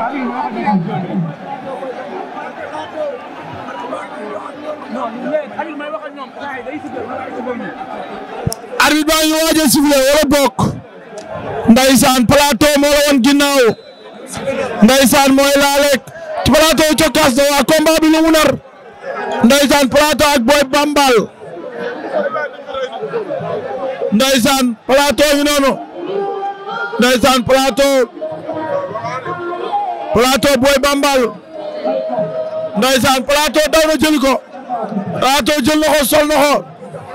arbitre baa ngi waaj a sifflé wala bokk ndaysaan plateau moo la woon ginnaaw ndaysaan mooy laaleeg ci plateau cokkaas na waa combat bi lu mu nar ndaysaan plateau ak booy bambal ndaysaan plateau ñu noonu ndaysaan plateau plateau Boy Bambal ndeysaan plateau daw na jël ko plateau jël na ko sol na ko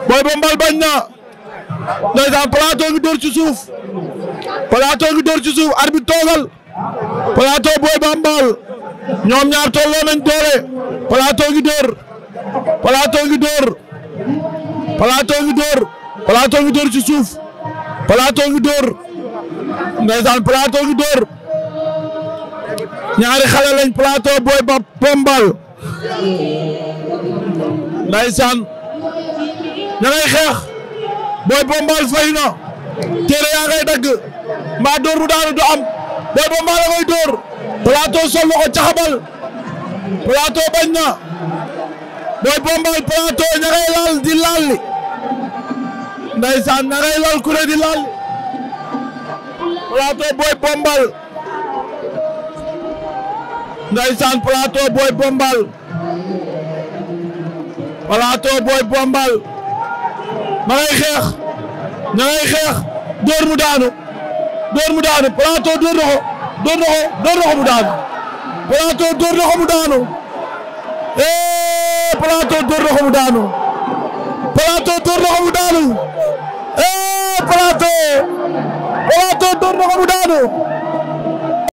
Boy Bambal bañ na ndeysaan plateau ngi dóor ci suuf plateau ngi dóor ci suuf arbitre toogal plateau Bambal ñoom ñaar tolloo nañ doole plateau ngi dóor plateau ngi dóor plateau ngi ci suuf plateau ngi dóor ndeysaan plateau ngi dóor ñaari xale lañ plateau bombal ndaysaan ña ngay xeex booy bombal fay na téere yaa ngay dagg mbaa bu daanu du am booy bombal la ngay dóor plateau sol na ko caxabal plateau bañ na booy bombal plateau ña ngay laal di laal ndaysaan ña ngay laal ku di laal plateau booy bombal ndeysaan plateau booy bombal plateau booy bombal ma ngay xeex ña ngay xeex dóor mu daanu dóor mu daanu plateau dóor na ko dóor na ko dóor na ko mu daanu plateau dóor na ko mu daanu eh plateau dóor na ko mu daanu plateau dóor na ko mu daanu eh plateau